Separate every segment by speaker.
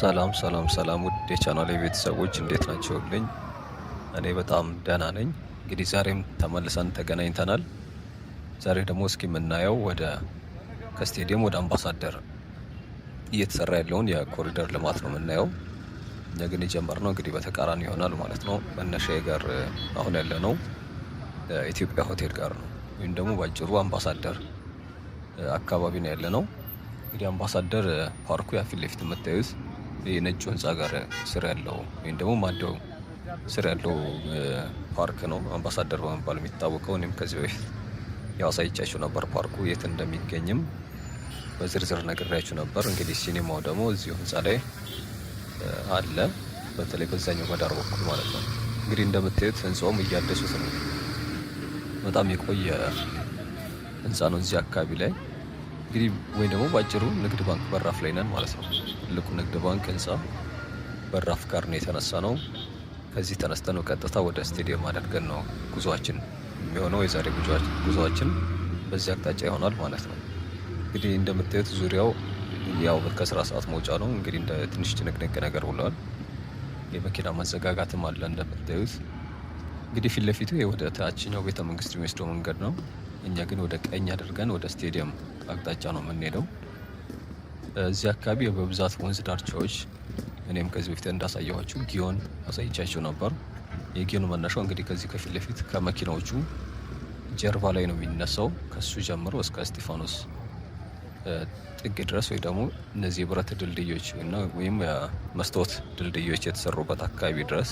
Speaker 1: ሰላም ሰላም ሰላም ውድ የቻናል የቤተሰቦች እንዴት ናቸውልኝ? እኔ በጣም ደህና ነኝ። እንግዲህ ዛሬም ተመልሰን ተገናኝተናል። ዛሬ ደግሞ እስኪ የምናየው ወደ ከስቴዲየም ወደ አምባሳደር እየተሰራ ያለውን የኮሪደር ልማት ነው የምናየው። እኛ ግን የጀመርነው እንግዲህ በተቃራኒ ይሆናል ማለት ነው። መነሻዬ ጋር አሁን ያለ ነው ኢትዮጵያ ሆቴል ጋር ነው፣ ወይም ደግሞ ባጭሩ አምባሳደር አካባቢ ነው ያለ ነው። እንግዲህ አምባሳደር ፓርኩ ያ ፊት ለፊት የምታዩት የነጩ ህንፃ ጋር ስር ያለው ወይም ደግሞ ማንዲያው ስር ያለው ፓርክ ነው። አምባሳደር በመባል የሚታወቀው እኔም ከዚህ በፊት ያው አሳይቻችሁ ነበር። ፓርኩ የት እንደሚገኝም በዝርዝር ነግሬያችሁ ነበር። እንግዲህ ሲኒማው ደግሞ እዚሁ ህንፃ ላይ አለ፣ በተለይ በዛኛው መዳር በኩል ማለት ነው። እንግዲህ እንደምታዩት ህንፃውም እያደሱት ነው። በጣም የቆየ ህንፃ ነው እዚህ አካባቢ ላይ እንግዲህ ወይ ደግሞ በአጭሩ ንግድ ባንክ በራፍ ላይ ነን ማለት ነው። ትልቁ ንግድ ባንክ ህንፃ በራፍ ጋር ነው የተነሳ ነው። ከዚህ ተነስተን ቀጥታ ወደ ስቴዲየም አድርገን ነው ጉዞችን የሚሆነው። የዛሬ ጉዞችን በዚህ አቅጣጫ ይሆናል ማለት ነው። እንግዲህ እንደምታዩት ዙሪያው ያው ከስራ ሰዓት መውጫ ነው። እንግዲህ እንደ ትንሽ ጭንቅንቅ ነገር ብለዋል። የመኪና መዘጋጋትም አለ እንደምታዩት። እንግዲህ ፊት ለፊቱ ወደ ታችኛው ቤተ መንግስት የሚወስደው መንገድ ነው። እኛ ግን ወደ ቀኝ አድርገን ወደ ስቴዲየም አቅጣጫ ነው የምንሄደው። እዚህ አካባቢ በብዛት ወንዝ ዳርቻዎች፣ እኔም ከዚህ በፊት እንዳሳየኋችሁ ጊዮን አሳይቻችሁ ነበር። የጊዮን መነሻው እንግዲህ ከዚህ ከፊት ለፊት ከመኪናዎቹ ጀርባ ላይ ነው የሚነሳው። ከሱ ጀምሮ እስከ እስጢፋኖስ ጥግ ድረስ ወይ ደግሞ እነዚህ የብረት ድልድዮች ወይም መስታወት ድልድዮች የተሰሩበት አካባቢ ድረስ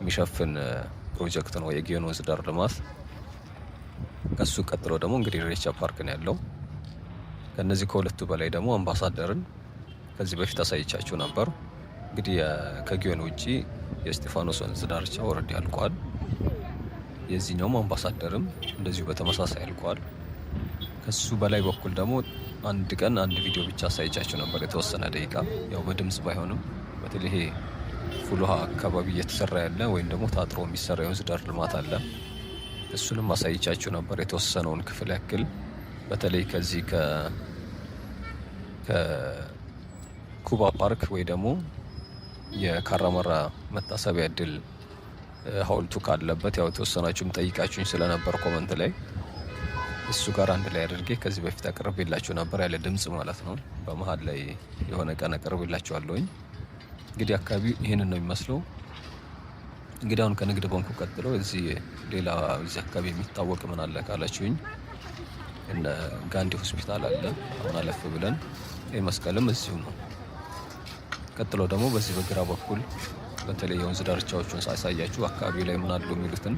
Speaker 1: የሚሸፍን ፕሮጀክት ነው የጊዮን ወንዝ ዳር ልማት። ከሱ ቀጥሎ ደግሞ እንግዲህ ሬቻ ፓርክ ነው ያለው። ከነዚህ ከሁለቱ በላይ ደግሞ አምባሳደርን ከዚህ በፊት አሳይቻችሁ ነበር። እንግዲህ ከጊዮን ውጪ የእስጢፋኖስ ወንዝ ዳርቻ ወረድ ያልቋል። የዚህኛውም አምባሳደርም እንደዚሁ በተመሳሳይ ያልቋል። ከሱ በላይ በኩል ደግሞ አንድ ቀን አንድ ቪዲዮ ብቻ አሳይቻችሁ ነበር፣ የተወሰነ ደቂቃ ያው በድምጽ ባይሆንም በተለይ ይሄ ፉል ውሃ አካባቢ እየተሰራ ያለ ወይም ደግሞ ታጥሮ የሚሰራ የወንዝ ዳር ልማት አለ። እሱንም አሳይቻችሁ ነበር የተወሰነውን ክፍል ያክል በተለይ ከዚህ ከኩባ ፓርክ ወይ ደግሞ የካራማራ መታሰቢያ ድል ሀውልቱ ካለበት ያው የተወሰናችሁም ጠይቃችሁኝ ስለነበር ኮመንት ላይ እሱ ጋር አንድ ላይ አድርጌ ከዚህ በፊት አቅርቤላችሁ ነበር፣ ያለ ድምፅ ማለት ነው። በመሀል ላይ የሆነ ቀን አቅርቤላችኋለሁኝ። እንግዲህ አካባቢው ይህንን ነው የሚመስለው። እንግዲህ አሁን ከንግድ ባንኩ ቀጥሎ እዚህ ሌላ እዚህ አካባቢ የሚታወቅ ምን አለ ካላችሁኝ እንደ ጋንዲ ሆስፒታል አለ። አሁን አለፍ ብለን መስቀልም እዚሁ ነው። ቀጥሎ ደግሞ በዚህ በግራ በኩል በተለይ የወንዝ ዳርቻዎቹን ሳሳያችሁ አካባቢ ላይ ምን አለው የሚሉትን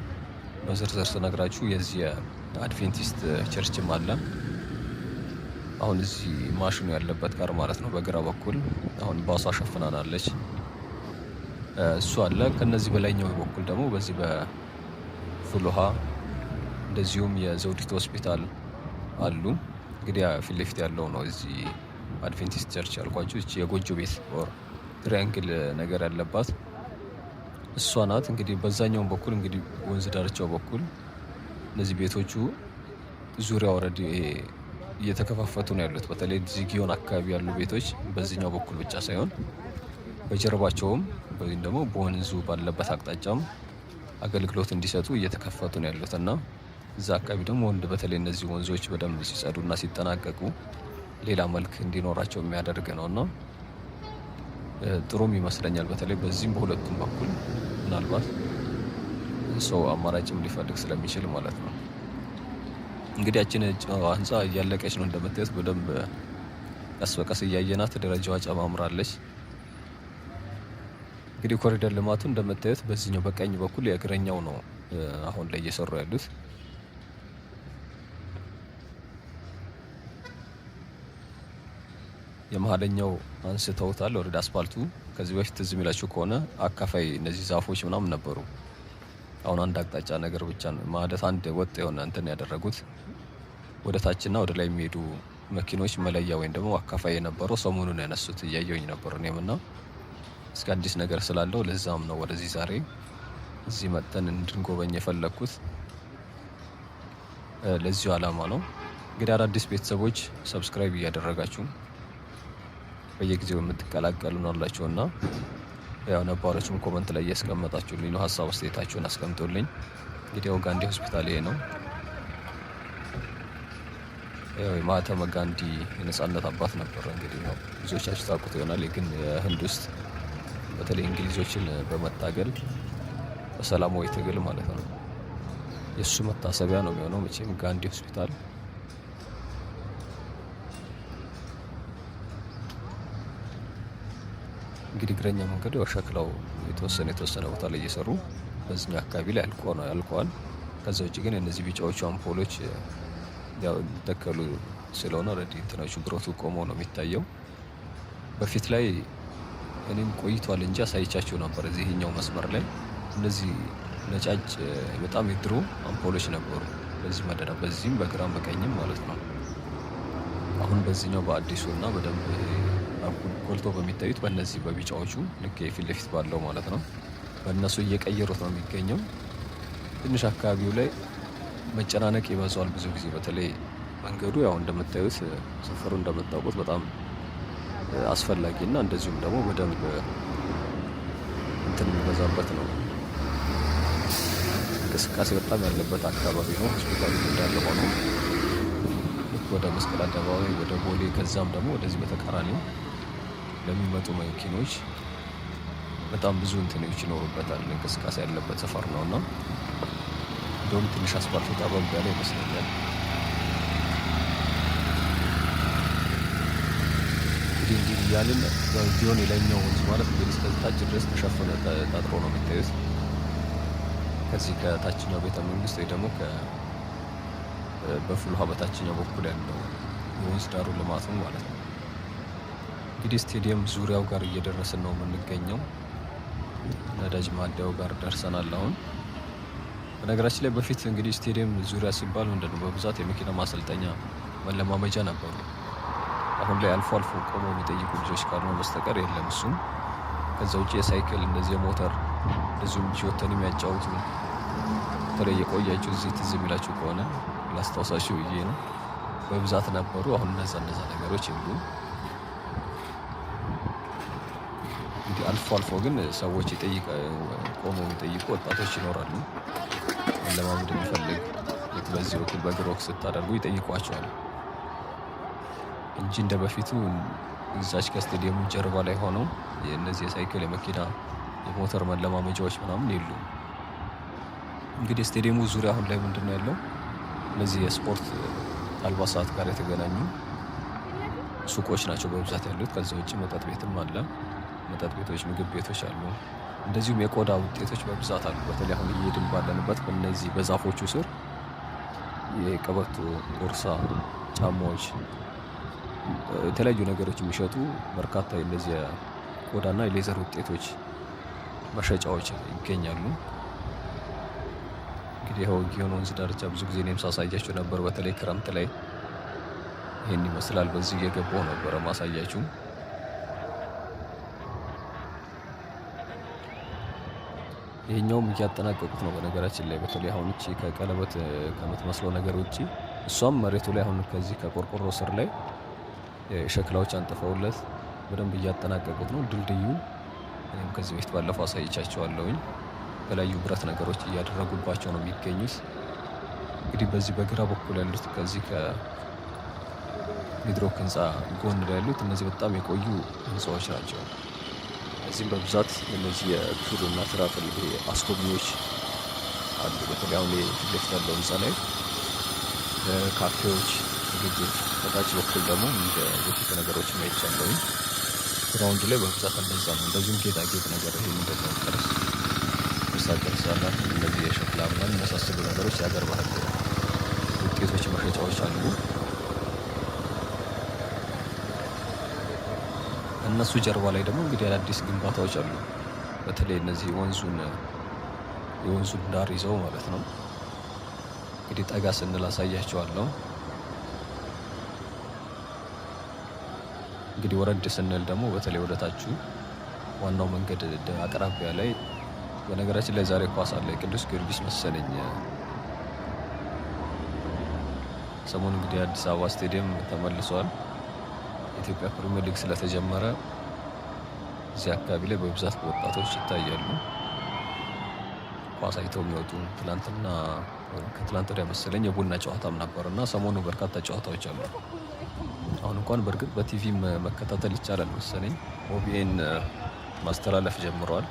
Speaker 1: በዝርዝር ስነግራችሁ የዚህ የአድቬንቲስት ቸርችም አለ። አሁን እዚህ ማሽኑ ያለበት ጋር ማለት ነው። በግራ በኩል አሁን ባሷ ሸፍናናለች፣ እሱ አለ። ከነዚህ በላይኛው በኩል ደግሞ በዚህ በፍሉሃ እንደዚሁም የዘውዲቱ ሆስፒታል አሉ። እንግዲህ ፊት ለፊት ያለው ነው እዚህ አድቬንቲስት ቸርች ያልኳቸው እቺ የጎጆ ቤት ኦር ትሪያንግል ነገር ያለባት እሷ ናት። እንግዲህ በዛኛውን በኩል እንግዲህ ወንዝ ዳርቻው በኩል እነዚህ ቤቶቹ ዙሪያ ወረድ እየተከፋፈቱ ነው ያሉት። በተለይ ዚጊዮን አካባቢ ያሉ ቤቶች በዚህኛው በኩል ብቻ ሳይሆን በጀርባቸውም ወይም ደግሞ በወንዙ ባለበት አቅጣጫም አገልግሎት እንዲሰጡ እየተከፈቱ ነው ያሉት እና እዛ አካባቢ ደግሞ ወንድ በተለይ እነዚህ ወንዞች በደንብ ሲጸዱና ሲጠናቀቁ ሌላ መልክ እንዲኖራቸው የሚያደርግ ነው እና ጥሩም ይመስለኛል። በተለይ በዚህም በሁለቱም በኩል ምናልባት ሰው አማራጭም ሊፈልግ ስለሚችል ማለት ነው። እንግዲህ ያችን ህንፃ እያለቀች ነው እንደምታየት በደንብ ቀስ በቀስ እያየናት ደረጃዋ ጨማምራለች። እንግዲህ ኮሪደር ልማቱ እንደምታየት በዚህኛው በቀኝ በኩል የእግረኛው ነው አሁን ላይ እየሰሩ ያሉት። የመሀለኛው አንስተውታል ወደ አስፓልቱ። ከዚህ በፊት ትዝ የሚላችሁ ከሆነ አካፋይ እነዚህ ዛፎች ምናምን ነበሩ። አሁን አንድ አቅጣጫ ነገር ብቻ ማለት አንድ ወጥ የሆነ እንትን ያደረጉት ወደ ታችና ወደ ላይ የሚሄዱ መኪኖች መለያ ወይም ደግሞ አካፋይ የነበረው ሰሞኑን ያነሱት እያየውኝ ነበሩ። እኔም ና እስከ አዲስ ነገር ስላለው ለዛም ነው ወደዚህ ዛሬ እዚህ መጥተን እንድንጎበኝ የፈለግኩት ለዚሁ አላማ ነው። እንግዲህ አዳዲስ ቤተሰቦች ሰብስክራይብ እያደረጋችሁ በየጊዜው የምትቀላቀሉ ናላችሁ እና ያው ነባሮችም ኮመንት ላይ እያስቀመጣችሁልኝ ነው ሀሳብ አስተያየታችሁን አስቀምጡልኝ። እንግዲህ ጋንዲ ሆስፒታል ይሄ ነው። ያው የማህተመ ጋንዲ የነጻነት አባት ነበረ። እንግዲህ ያው ብዙዎቻችሁ ታውቁት ይሆናል። ግን ህንድ ውስጥ በተለይ እንግሊዞችን በመታገል በሰላማዊ ትግል ማለት ነው የእሱ መታሰቢያ ነው የሚሆነው መቼም ጋንዲ ሆስፒታል እንግዲህ እግረኛ መንገዱ ያው ሸክላው የተወሰነ የተወሰነ ቦታ ላይ እየሰሩ በዚህኛው አካባቢ ላይ አልቆ ነው ያልቀዋል። ከዛ ውጭ ግን እነዚህ ቢጫዎቹ አምፖሎች ያው የሚተከሉ ስለሆነ ረዲ እንትኖቹ ብረቱ ቆሞ ነው የሚታየው። በፊት ላይ እኔም ቆይቷል እንጂ አሳይቻችሁ ነበር። እዚህኛው መስመር ላይ እነዚህ ነጫጭ በጣም የድሮ አምፖሎች ነበሩ በዚህ መደዳ፣ በዚህም በግራም በቀኝም ማለት ነው። አሁን በዚህኛው በአዲሱ እና በደንብ ጎልቶ በሚታዩት በእነዚህ በቢጫዎቹ ልክ የፊት ለፊት ባለው ማለት ነው። በእነሱ እየቀየሩት ነው የሚገኘው። ትንሽ አካባቢው ላይ መጨናነቅ ይበዛዋል ብዙ ጊዜ በተለይ መንገዱ ያው እንደምታዩት ሰፈሩ እንደምታውቁት በጣም አስፈላጊና እንደዚሁም ደግሞ በደንብ እንትን የሚበዛበት ነው። እንቅስቃሴ በጣም ያለበት አካባቢ ነው። ሆስፒታሉ እንዳለ ሆኖ ወደ መስቀል አደባባይ ወደ ቦሌ ከዛም ደግሞ ወደዚህ በተቃራኒው ለሚመጡ መኪኖች በጣም ብዙ እንትኖች ይኖሩበታል። እንቅስቃሴ ያለበት ሰፈር ነው እና እንደውም ትንሽ አስፋልቱ ጠበብ ያለ ይመስለኛል። እንግዲህ እንዲህ እያልን የላይኛው ወንዝ ማለት እንግዲህ እስከዚህ ታች ድረስ ተሸፈነ ታጥሮ ነው የሚታዩት። ከዚህ ከታችኛው ቤተ መንግስት ወይ ደግሞ በፍል ውሃ በታችኛው በኩል ያለው የወንዝ ዳሩ ልማቱ ማለት ነው። እንግዲህ ስቴዲየም ዙሪያው ጋር እየደረስን ነው የምንገኘው። ነዳጅ ማደያው ጋር ደርሰናል። አሁን በነገራችን ላይ በፊት እንግዲህ ስቴዲየም ዙሪያ ሲባል ምንድነው በብዛት የመኪና ማሰልጠኛ መለማመጃ ነበሩ። አሁን ላይ አልፎ አልፎ ቆመው የሚጠይቁ ልጆች ካልሆነ በስተቀር የለም። እሱም ከዛ ውጭ የሳይክል እንደዚህ የሞተር እንደዚሁም ጂወተን የሚያጫውቱ በተለይ የቆያችሁ እዚህ ትዝ የሚላችሁ ከሆነ ላስታውሳችሁ ብዬ ነው በብዛት ነበሩ። አሁን እነዛ እነዛ ነገሮች የሉም። አልፎ አልፎ ግን ሰዎች ቆመው የሚጠይቁ ወጣቶች ይኖራሉ። ለማመድ የሚፈልግ በዚህ በኩል በግሮክ ስታደርጉ ይጠይቋቸዋል እንጂ እንደ በፊቱ እዛች ከስቴዲየሙ ጀርባ ላይ ሆነው የእነዚህ የሳይክል የመኪና የሞተር መለማመጃዎች ምናምን የሉም። እንግዲህ ስቴዲየሙ ዙሪያ አሁን ላይ ምንድን ነው ያለው? እነዚህ የስፖርት አልባሳት ጋር የተገናኙ ሱቆች ናቸው በብዛት ያሉት። ከዚህ ውጭ መጠጥ ቤትም አለ። መጠጥ ቤቶች፣ ምግብ ቤቶች አሉ። እንደዚሁም የቆዳ ውጤቶች በብዛት አሉ። በተለይ አሁን እየሄድን ባለንበት በእነዚህ በዛፎቹ ስር የቀበቶ፣ ቦርሳ፣ ጫማዎች፣ የተለያዩ ነገሮች የሚሸጡ በርካታ የእነዚህ የቆዳና የሌዘር ውጤቶች መሸጫዎች ይገኛሉ። እንግዲህ ያው ጊዮን ወንዝ ዳርቻ ብዙ ጊዜ እኔም ሳሳያችሁ ነበር። በተለይ ክረምት ላይ ይህን ይመስላል። በዚህ እየገባው ነበረ ማሳያችሁ። ይሄኛውም እያጠናቀቁት ነው። በነገራችን ላይ በተለይ አሁን እቺ ከቀለበት ከምትመስለው ነገር ውጪ እሷም መሬቱ ላይ አሁን ከዚህ ከቆርቆሮ ስር ላይ ሸክላዎች አንጥፈውለት በደንብ እያጠናቀቁት ነው ድልድዩ እኔም ከዚህ በፊት ባለፈው አሳይቻቸዋለሁኝ። የተለያዩ ብረት ነገሮች እያደረጉባቸው ነው የሚገኙት። እንግዲህ በዚህ በግራ በኩል ያሉት ከዚህ ከሚድሮክ ህንፃ ጎን ላይ ያሉት እነዚህ በጣም የቆዩ ህንፃዎች ናቸው። እዚህም በብዛት እነዚህ የቱር እና ትራቨል አስጎብኚዎች አሉ። በተለይ አሁን ፊት ለፊት ያለው ህንፃ ላይ ካፌዎች፣ ምግቦች፣ በታች በኩል ደግሞ እንደ የጥቅ ነገሮች ማየት ቻለውኝ። ግራውንድ ላይ በብዛት እንደዛ ነው። እንደዚሁም ጌጣጌጥ ነገር ይሄ ምንድን ነው ቅርስ ቅርስ ያላት እነዚህ የሸክላ ምናምን የመሳሰሉ ነገሮች የሀገር ባህል ውጤቶች መሸጫዎች አሉ። እነሱ ጀርባ ላይ ደግሞ እንግዲህ አዳዲስ ግንባታዎች አሉ። በተለይ እነዚህ ወንዙን የወንዙን ዳር ይዘው ማለት ነው። እንግዲህ ጠጋ ስንል አሳያቸዋለሁ። እንግዲህ ወረድ ስንል ደግሞ በተለይ ወደታችሁ ዋናው መንገድ አቅራቢያ ላይ በነገራችን ላይ ዛሬ ኳስ አለ። ቅዱስ ጊዮርጊስ መሰለኝ ሰሞኑ እንግዲህ አዲስ አበባ ስቴዲየም ተመልሷል። የኢትዮጵያ ፕሪሚየር ሊግ ስለተጀመረ እዚህ አካባቢ ላይ በብዛት ወጣቶች ይታያሉ። ኳስ አይተው የሚወጡ ትላንትና ከትላንት ወዲያ መሰለኝ የቡና ጨዋታም ነበር እና ሰሞኑ በርካታ ጨዋታዎች አሉ። አሁን እንኳን በእርግጥ በቲቪ መከታተል ይቻላል መሰለኝ ኦቢኤን ማስተላለፍ ጀምረዋል።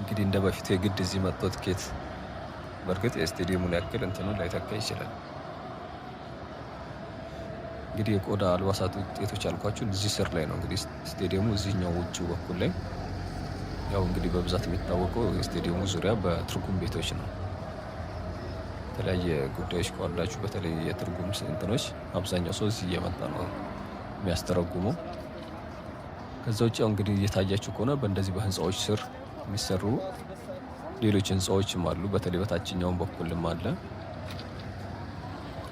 Speaker 1: እንግዲህ እንደ በፊቱ የግድ እዚህ መጥቶ ትኬት በእርግጥ የስቴዲየሙን ያክል እንትኑ ላይተካ ይችላል። እንግዲህ የቆዳ አልባሳት ውጤቶች ያልኳችሁ እዚህ ስር ላይ ነው። እንግዲህ ስቴዲየሙ እዚህኛው ውጭ በኩል ላይ ያው እንግዲህ በብዛት የሚታወቀው የስቴዲየሙ ዙሪያ በትርጉም ቤቶች ነው። የተለያየ ጉዳዮች ካላችሁ በተለይ የትርጉም ስንትኖች አብዛኛው ሰው እዚህ እየመጣ ነው የሚያስተረጉመው። ከዛ ውጭ ያው እንግዲህ እየታያችሁ ከሆነ በእንደዚህ በህንፃዎች ስር የሚሰሩ ሌሎች ህንፃዎችም አሉ። በተለይ በታችኛውን በኩልም አለ፣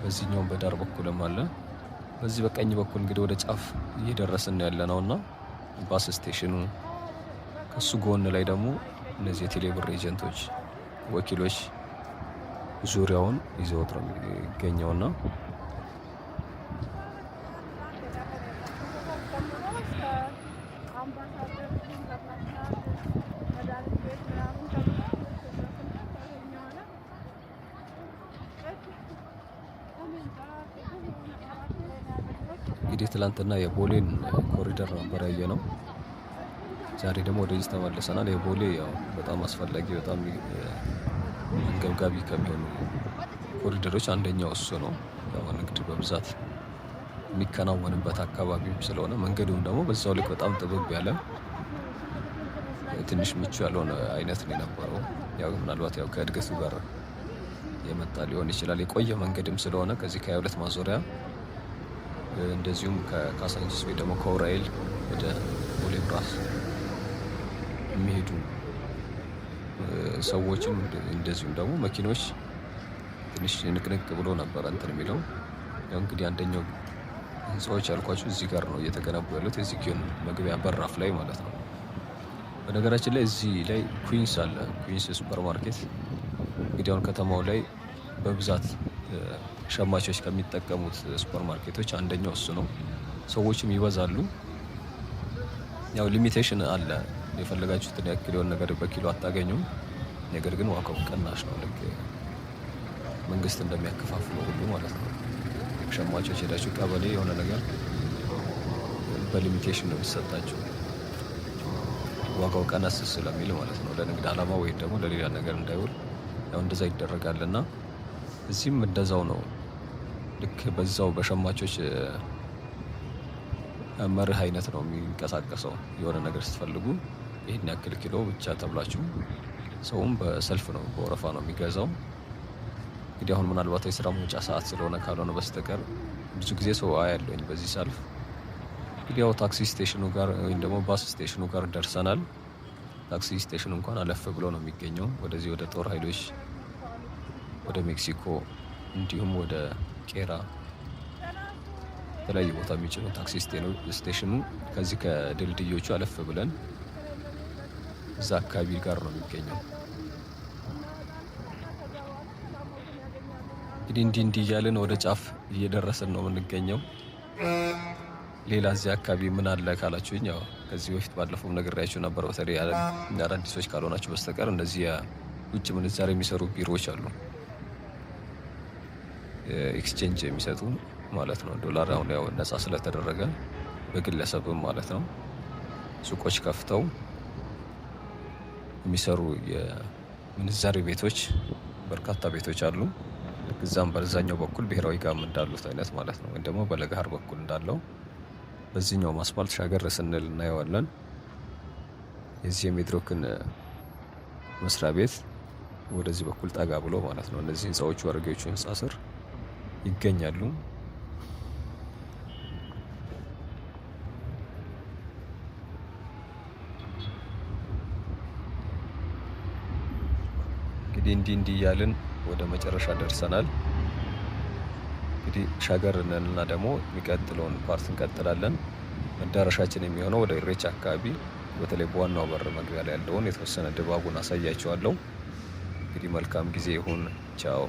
Speaker 1: በዚህኛውን በዳር በኩልም አለ። በዚህ በቀኝ በኩል እንግዲህ ወደ ጫፍ እየደረስን ያለ ነው እና ባስ ስቴሽኑ ከሱ ጎን ላይ ደግሞ እነዚህ የቴሌብር ኤጀንቶች ወኪሎች ዙሪያውን ይዘወት ነው የሚገኘውና እንግዲህ ትላንትና የቦሌን ኮሪደር ነበር ነው። ዛሬ ደግሞ ወደዚህ ተመልሰናል። የቦሌ ያው በጣም አስፈላጊ በጣም አንገብጋቢ ከሚሆኑ ኮሪደሮች አንደኛው እሱ ነው። ያው ንግድ በብዛት የሚከናወንበት አካባቢ ስለሆነ መንገዱም ደግሞ በዛው ልክ በጣም ጥብብ ያለ ትንሽ ምቹ ያልሆነ አይነት ነው የነበረው። ያው ምናልባት ያው ከእድገቱ ጋር የመጣ ሊሆን ይችላል። የቆየ መንገድም ስለሆነ ከዚህ ከሀያ ሁለት ማዞሪያ እንደዚሁም ከካሳንቺስ ወይ ደግሞ ከውራኤል ወደ ቦሌ ብራስ የሚሄዱ ሰዎችም እንደዚሁም ደግሞ መኪኖች ትንሽ ንቅንቅ ብሎ ነበረ እንትን የሚለው ያው እንግዲህ አንደኛው ህንፃዎች ያልኳቸው እዚህ ጋር ነው እየተገነቡ ያሉት የዚህ ጊዮን መግቢያ በራፍ ላይ ማለት ነው። በነገራችን ላይ እዚህ ላይ ኩዊንስ አለ ኩዊንስ ሱፐር ማርኬት እንግዲህ አሁን ከተማው ላይ በብዛት ሸማቾች ከሚጠቀሙት ሱፐር ማርኬቶች አንደኛው እሱ ነው። ሰዎችም ይበዛሉ። ያው ሊሚቴሽን አለ። የፈለጋችሁትን ያክል የሆነ ነገር በኪሎ አታገኙም። ነገር ግን ዋጋው ቅናሽ ነው። ልክ መንግስት እንደሚያከፋፍለው ሁሉ ማለት ነው። ሸማቾች ሄዳችሁ ቀበሌ የሆነ ነገር በሊሚቴሽን ነው የሚሰጣቸው ዋጋው ቀነስ ስለሚል ማለት ነው። ለንግድ አላማ ወይም ደግሞ ለሌላ ነገር እንዳይውል ያው እንደዛ ይደረጋልና እዚህም እንደዛው ነው። ልክ በዛው በሸማቾች መርህ አይነት ነው የሚንቀሳቀሰው። የሆነ ነገር ስትፈልጉ ይህን ያክል ኪሎ ብቻ ተብላችሁ ሰውም በሰልፍ ነው በወረፋ ነው የሚገዛው። እንግዲህ አሁን ምናልባት የስራ መውጫ ሰዓት ስለሆነ ካልሆነ በስተቀር ብዙ ጊዜ ሰው አያለኝ በዚህ ሰልፍ። እንግዲህ ያው ታክሲ ስቴሽኑ ጋር ወይም ደግሞ ባስ ስቴሽኑ ጋር ደርሰናል። ታክሲ ስቴሽን እንኳን አለፍ ብሎ ነው የሚገኘው ወደዚህ ወደ ጦር ኃይሎች ወደ ሜክሲኮ እንዲሁም ወደ ቄራ የተለያዩ ቦታ የሚጭኑ ታክሲ ስቴሽኑ ከዚህ ከድልድዮቹ አለፍ ብለን እዛ አካባቢ ጋር ነው የሚገኘው። እንግዲህ እንዲህ እንዲህ እያልን ወደ ጫፍ እየደረስን ነው የምንገኘው። ሌላ እዚህ አካባቢ ምን አለ ካላችሁኝ፣ ያው ከዚህ በፊት ባለፈውም ነግሬያችሁ ነበር። በተለይ አዳዲሶች ካልሆናችሁ በስተቀር እንደዚህ ውጭ ምንዛሬ የሚሰሩ ቢሮዎች አሉ። ኤክስቼንጅ የሚሰጡ ማለት ነው። ዶላር አሁን ያው ነጻ ስለተደረገ በግለሰብም ማለት ነው ሱቆች ከፍተው የሚሰሩ የምንዛሬ ቤቶች በርካታ ቤቶች አሉ። እዛም በዛኛው በኩል ብሔራዊ ጋም እንዳሉት አይነት ማለት ነው። ወይም ደግሞ በለጋሃር በኩል እንዳለው በዚህኛው አስፋልት ሻገር ስንል እናየዋለን። የዚህ የሜድሮክን መስሪያ ቤት ወደዚህ በኩል ጠጋ ብሎ ማለት ነው። እነዚህ ህንፃዎቹ አረጌዎቹ ህንፃ ስር ይገኛሉ። እንግዲህ እንዲህ እንዲህ እያልን ወደ መጨረሻ ደርሰናል። እንግዲህ ሻገር እንልና ደግሞ የሚቀጥለውን ፓርት እንቀጥላለን። መዳረሻችን የሚሆነው ወደ ኢሬቻ አካባቢ በተለይ በዋናው በር መግቢያ ላይ ያለውን የተወሰነ ድባቡን አሳያቸዋለሁ። እንግዲህ መልካም ጊዜ ይሁን። ቻው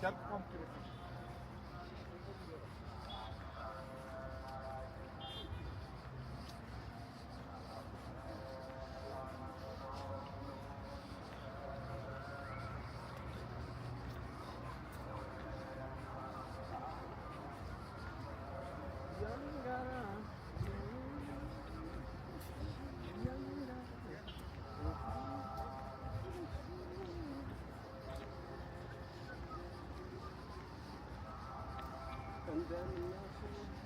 Speaker 1: Sen kupon küresi. and them and